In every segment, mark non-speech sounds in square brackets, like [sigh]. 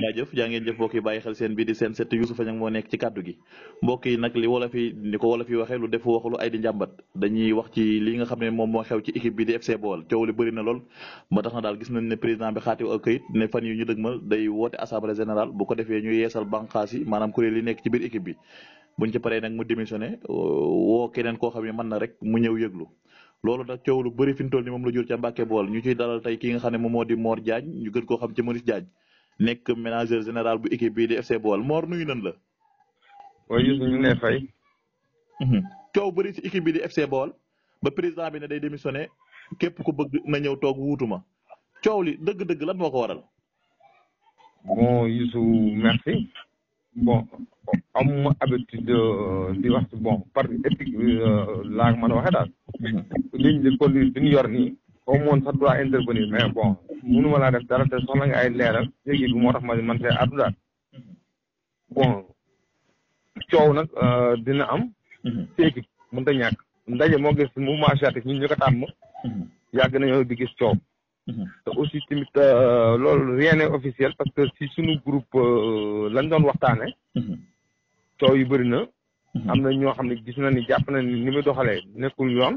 jaajëf jaa ngeen boki mbokk yi xel seen bi di seen set Youssoupha Niang mo nek ci kaddu gi mbokki nak li wolofi ni ko wolof yi lu ay di jambat dañuy wax ci li nga xamne mom mo xew ci equipe bi di FC Baol ciowli li na lol ba tax na gis nañ ne president bi xaati ak kayit ne fan yu ñu deugmal day wote assemblée générale bu ko defé ñu yeesal banqaas manam maanaam li nek ci biir équipe bi buñ ci paré nak mu démissioné wo keneen ko man na rek mu ñew yeglu lolu nag ciowlu lu fiñ fi ni moom la jur ca mbacké Baol ñu ci dalal tay ki nga xamne mom modi Mor jaaj ñu gën ko xam ci Maurice jaaj nekk manager général bu équipe bii di FC Baol Mor nuyu nan la. waaye fay. Mhm. coow bëri ci équipe bi di FC Baol ba président bi ne day démissionné képp ku bëgg na ñëw toog wuutuma coow li dëgg-dëgg lan ko waral. bon Youssou merci bon amuma habitude euh, di wax bon par éthique euh, laa mën a waxee daal. liñ mhm. di conduite bi ñu au moins sax doit intervenir mais bon mënuma laa def dara te soxla nga ay leeral jéegi bi moo tax ma man see addudaat bon coow nag euh, dina am séeki mën ta ñàkk ndaje moo gis mouvement asiatique ñun ñu ko tàmm yàgg nañoo di gis coow te aussi tamit euh, loolu rien n'est officiel parce que si suñu groupe euh, lañ doon waxtaane coow yu bëri na am na ñoo gis na ni jàpp na ni ni muy doxalee yoon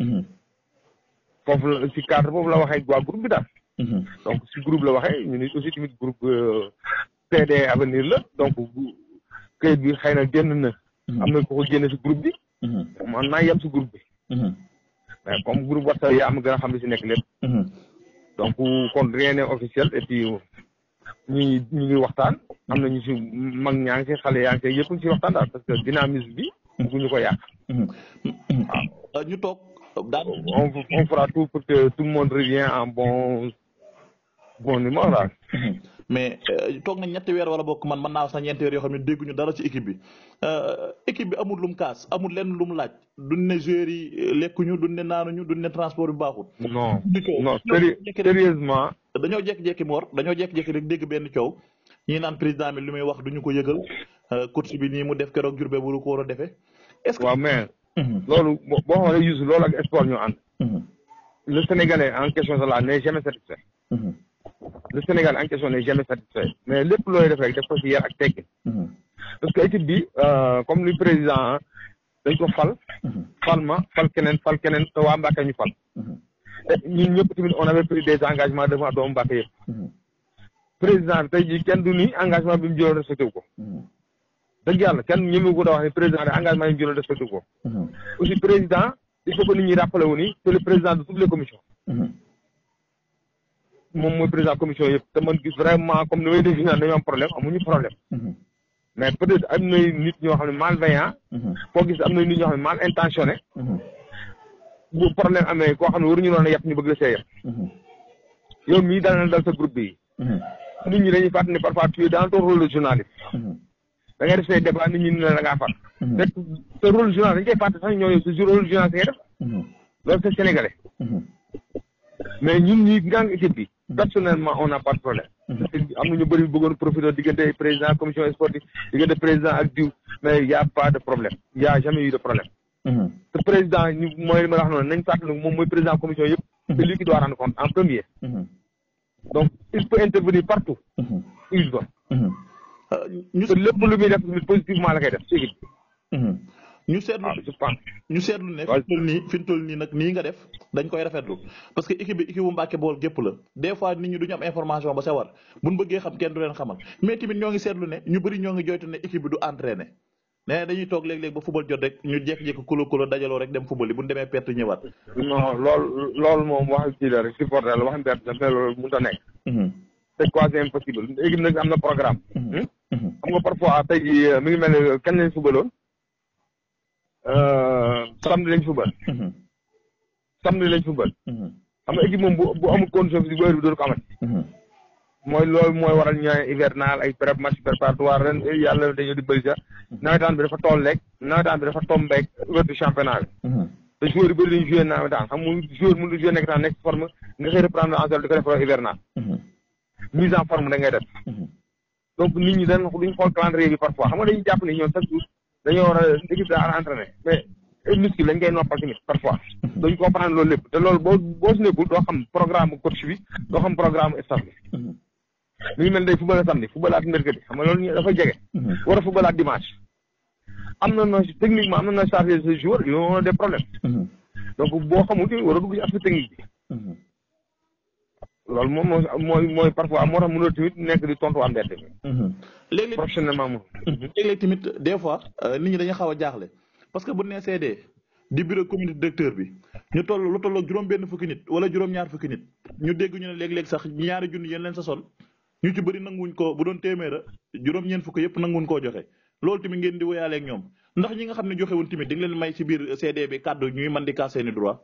Mhm. foofu la si cadre boobu la waxee waa group bi daal. Mhm. donc si groupe la waxee ñu ni aussi tamit groupe euh, PD avenir la donc këyit bi xëy na génn na. Mhm. am na ko ko génne si groupe bi. ma naa yem si groupe bi. comme groupe WhatsApp yi am gën a xam li si nekk lépp. donc kon rien n'est officiel et puis ñu ñu ngi waxtaan. am na ñu si mag ñaa ngi si xale yaa ngi si yëpp ñu si waxtaan daal parce que dynamisme bi. bëgguñu ko yàq. waaw euh, ñu toog. on, on, fera tout pour que tout le monde revienne en bon, bon humeur. Là. [clears throat] mais euh, toog na ñetti weer wala bokk man man naa sax ñeenti weer yoo xam ne dégguñu dara ci équipe bi euh, équipe bi amul lum kaas amul lenn lum laaj du ne joueurs yi euh, lekkuñu du ne naanuñu duñ ne transport bi baaxul. non non sérieusement. dañoo jekki jékki moor dañoo jékki-jékki rek dégg benn coow ñi naan président bi lu muy wax duñu ko yëgal course bi nii mu def keroog jurbe bu ko war a defee. est-ce que mais. Mhm. loolu boo xoolee Youssou loolu ak sport ñoo ànd. Mhm. le Sénégalais en question de là n'est jamais satisfait. Mhm. le Sénégal en question n'est jamais satisfait mais lépp looy def rek def ko si yar ak teggin. parce que équipe bi euh, comme li président dañ ko fal. fal ma fal keneen fal keneen te waa Mbacke ñu fal. ñun ñëpp tamit on avait pris des engagements devant doomu Mbacke yëpp. président bi tey jii kenn du ni engagement bi mu jëloon respecté wu ko. dëgg yàlla kenn ñëmeeku da wax ne président de engagement yi mu jëloon respecté ko. Mhm. aussi président il faut que nit ñi rappelé wu ni c'est le président de toutes les mhm. moom mooy président commission yëpp te man gis vraiment comme ni may dégg naan dañoo am problème amuñu problème. Mhm. mais peut-être am na nit ñoo xam ne malveillant. koo gis am na nit ñoo xam ne mal intentionné. bu problème amee koo xam ne waruñu noonu yàpp ñu bëgg la see yàpp. yow mii daan na dal bi. nit ñi dañuy fàttali ne parfois tu es dans ton da ngay def say débat nit ñi ne la da ngaa far. Mm-hmm. te te rôle journaliste dañ koy fàtte sax ñoo yow sa rôle journaliste ngay def. Mm-hmm. loolu c'est sénégalais. Mm-hmm. mais ñun ñi gang équipe bi. personnellement on n'a pas de problème. am na ñu bëri bëggoon profité diggante président commission sportive diggante président ak diw mais y' a pas de problème y' a jamais eu de problème. te président ñu mooy li ma wax noonu nañ fàttali moom mooy président commission yëpp. c'est lui qui doit rendre compte en premier. donc il peut intervenir partout. il va. Euh, ñu te lépp lu muy def positivement la koy def ci équipe mhm. ñu seetlu ah, ñu seetlu ne fi mu toll nii fi mu toll nii nag nii nga def dañ koy rafetlu parce que équipe bi équipe bu Mbàkke gépp la des nit ñi du ñu information ba sa war buñ bëggee xam kenn du leen xamal mais tamit ñoo ngi seetlu ne ñu bëri ñoo ngi joytu ne équipe bi du entraîné nee dañuy toog léeg ba football jot rek ñu jékki-jékki kulo kulo dajaloo rek dem football yi buñ demee perte ñëwaat non a nekk mhm. c'est xam nga parfois tey jii euh, mi ngi mel ne euh, kañ lañ fubaloon euh, samedi lañ fubal. samedi lañ fubal. xam nga équipe bu bu amul condition physique bu heure bi dootu ko amati. mooy loolu mooy waral ñooy hivernal ay pré match yàlla dañoo di bëri sax nawetaan bi dafa toll rek nawetaan bi dafa tombeek heure du championnat bi. te joueur yu bëri dañu joué nawetaan xam nga joueur mënul joué nekk temps nekk forme nga xëy reprendre en charge di ko def hivernal. mise en forme da donc nit ñi dañ duñ xool calendrier bi parfois xam nga dañuy jàpp ne ñoom chaque jour dañoo war a équipe daa war a entraîné mais muscle lañ koy noppal tamit parfois dañ comprendre loolu lépp te loolu boo boo si nekkul doo xam programme coach bi doo xam programme staff bi li mhm. ñu mel day football samedi football at mercredi xam nga loolu dafa jege mhm. war a football at dimanche am na no techniquement am na no chargé ce jour yoo des problèmes mhm. donc boo xamul war a dugg ci aspect loolu moom mooy mooy parfois moo tax mënoo tamit nekk di tontu waa mbedd mi. Mhm. léeg-léeg moom. léeg-léeg tamit des fois euh, nit ñi dañuy xaw a jaaxle parce que bu nee seedee di bureau communauté directeur bi ñu toll lu tolloo juróom-benn fukki nit wala juróom-ñaar fukki nit ñu dégg ñu ne léeg-léeg sax ñaari junni yéen leen sa sol ñu ci bëri nanguwuñ ko bu doon téeméer a juróom-ñeent fukki yëpp nanguwuñ koo joxe loolu tamit ngeen di woyaale ñoom ndax ñi nga xam ne joxe tamit di leen may ci biir CD bi kàddu ñuy mën di kaas seeni droit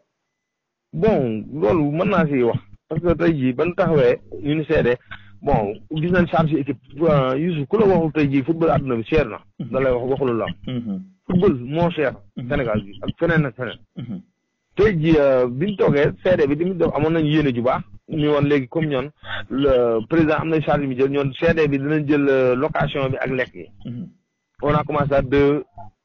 bon loolu mën naa si wax parce que tey jii ban taxawee ñu ni seede bon gis nañ charge équipe euh, Youssouf ku la waxul tey jii football àdduna bi cher na. Mm-hmm. da lay wax waxulu la mm-hmm. football moo cher. Mm-hmm. Sénégal bi ak feneen ak feneen. tey jii euh, biñ toogee seede bi tamit def amoon nañu yéene ju baax ñu woon léegi comme ñoon le président am na charge bi jël ñoon seede bi danañ jël euh, location bi ak lekk yi. on a commencé à deux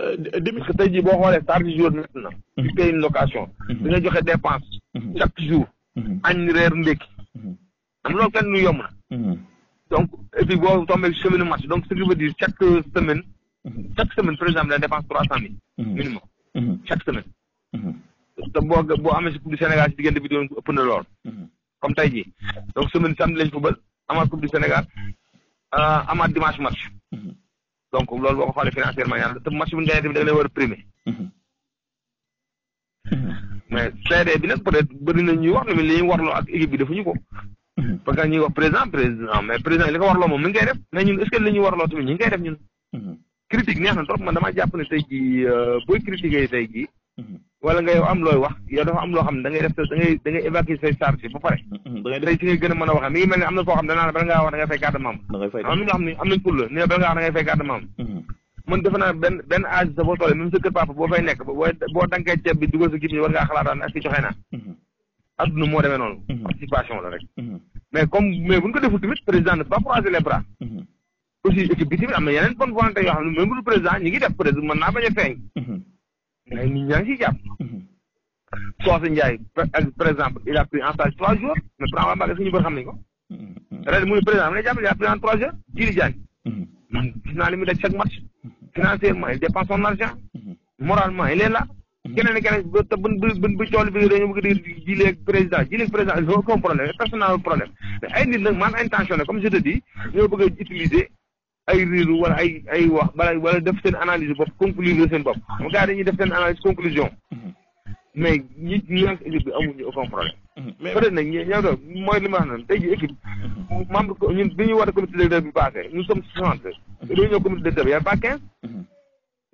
Euh, demi tey jii boo xoolee charge jour net na mm-hmm. ci paye une location mm-hmm. dañoo joxe dépense mm-hmm. chaque jour añ reer ndékki am loolu kenn lu yomb na donc et puis boo tombé semaine match donc ce qui veut dire chaque semaine chaque semaine par exemple la dépense trois cent mille minimum chaque semaine te boo boo amee si coupe du Sénégal si diggante bi doon ëpp na lool comme tey jii donc semaine samedi lañ football amaat coupe du Sénégal euh, amaat dimanche match donc loolu boo ko xoolee financièrement ñaar te match bu ñu gañee da a primé. Hmm. mais CD bi nag peut être bëri na ñuy wax ne li ñu warloo ak équipe bi defuñu ko. Hmm. parce que ñuy wax président président mais président li ko warloo moom mi ngi koy def mais ñun est ce que li ñu warloo tamit ñu ngi koy def ñun. Hmm. critique neex na trop man damaa jàpp ne tey jii euh, booy critiquer tey Mhm. wala am looy wax yow dafa am loo xam ne da ngay def da ngay da ngay mhm, mhm. a mën a waxee mi ngi mel ne am na foo xam ne danaa bala ngaa wax da ngay fay carte membre am na ñoo xam ne am nañ pour papa boo nekk boo boo dankee bi dugal sa gib ñi war ngaa xalaataan est-ce que joxe naa adduna moo demee noonu participation comme mais bu ñu deful tamit président ne pas croiser les bras aussi équipe bi tamit am na yeneen bonne volonté yoo xam ne même bu président ñi mais nit ñaa ngi ciy jàpp. Socé Ndiaye par exemple il a pris en charge trois jours mais Brahma Mbacké suñu bër xam nañu ko. ren mu ne président mu ne jàpp il a pris en trois jours Djily Diagne. man gis naa li mu def chaque match. financièrement il dépense son argent. moralement il est là. keneen ak keneen te bu bu bu bu tool bi dañoo bëgg di Djily ak président Djily ak président ils ont aucun problème personnel problème mais ay nit nag man intention la comme je te dis ñoo bëgg a utiliser. ay riiru wala ay ay wax bala wala def seen analyse bopp conclure seen bopp xam mm-hmm. gars dañuy def seen analyse conclusion mm-hmm. mais ñi ñànk équipe bi amuñu aucun problème mm-hmm. peut-être nag ñow do mooy li ma wax noonu tey jii équipe membre ñun bi ñu war a comité directeur bi passé nous sommes soixante réunion comité directeur bi y a pas quinze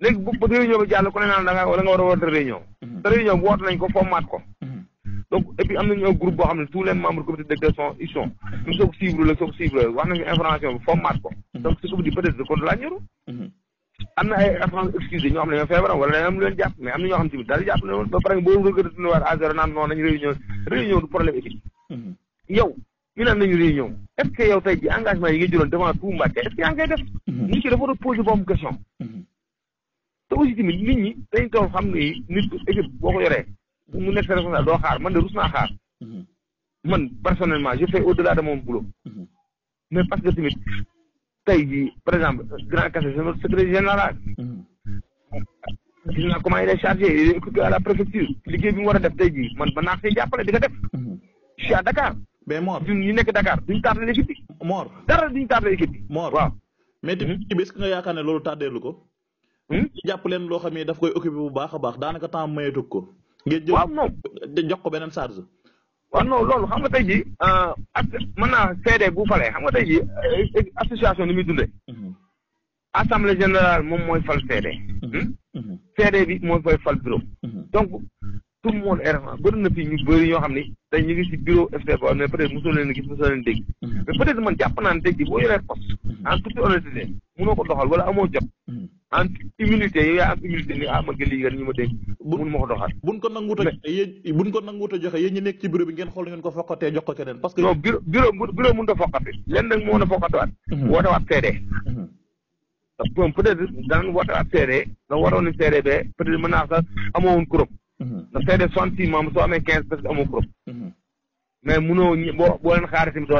léegi bu réunion bi jàll ku ne naan da nga wala nga war a woote réunion w réunion bu woote nañ ko format ko donc et puis am nañu un groupe boo xam ne tous les membres comité directeur sont ils sont ñu soog la soog suivre la wax nañu information bi format ko mhm. donc ce la ñëru mhm. am na excuse ñoo xam ne ñoo feebaram wala leen am lu leen jàpp mais am na ñoo xam tamit daal jàpp ne woon ba pare boo recruté war à zéro naan noonu nañu réunion réunion du problème éthique mhm. yow ñu naan nañu réunion est-ce que yow tey ji engagement yi nga jëloon devant tout Mbacké est-ce que yaa ngi koy def nit ñi dañ toll xam ne nit boo yoree pour mu nekk sa doo xaar man de rus naa xaar. Mhm. man personnellement je fais au delà de mon boulot. Mhm. mais parce que tamit tey jii par exemple grand cassé c'est notre secrétaire général. Mhm. gis naa comment il est chargé il à la préfecture liggéey bi mu war a def tey jii man ba naax ko siy jàppale di ko def. je suis à Dakar. mais Mor ñun ñu nekk Dakar duñu tardé équipe bi. Mor dara duñu tardé équipe bi. waaw. mais tamit kii bi nga yaakaar ne loolu tardé ko. Hmm? jàpp leen loo xam ne daf koy occupé bu baax a baax daanaka temps mayeetu ko. waaw non ngir jox ko beneen charge. waaw non loolu xam nga tey jii euh, as mën naa seede bu falee xam nga tey jii euh, association ni muy dundee. Mhm. assemblée moom mooy fal seede. Mhm. Hmm? Mhm. seede bi mooy koy fal bureau. donc tout le monde est vraiment bëri na fi ñu bëri ñoo xam ni tey ñu ngi si bureau FCB boo xam ne peut être mosoo leen gis mosoo leen dégg. mais peut être man jàpp naa ne tey jii boo doxal wala amoo jot. en immunité ya, yaa immunité ni ah man nga lii ñu ma dénk mun ko doxal buñ ko nanguut a buñ ko nanguut joxe yéen ñi nekk ci bureau bi ngeen xool ngeen ko fokkatee jox ko keneen parce que non bureau bureau bureau mun da fokkati lenn nag moo na fokkatuwaat mhm. woote waat seede bon peut être daan woote waat seede da waroon ni seede peut être mhm. mhm. mais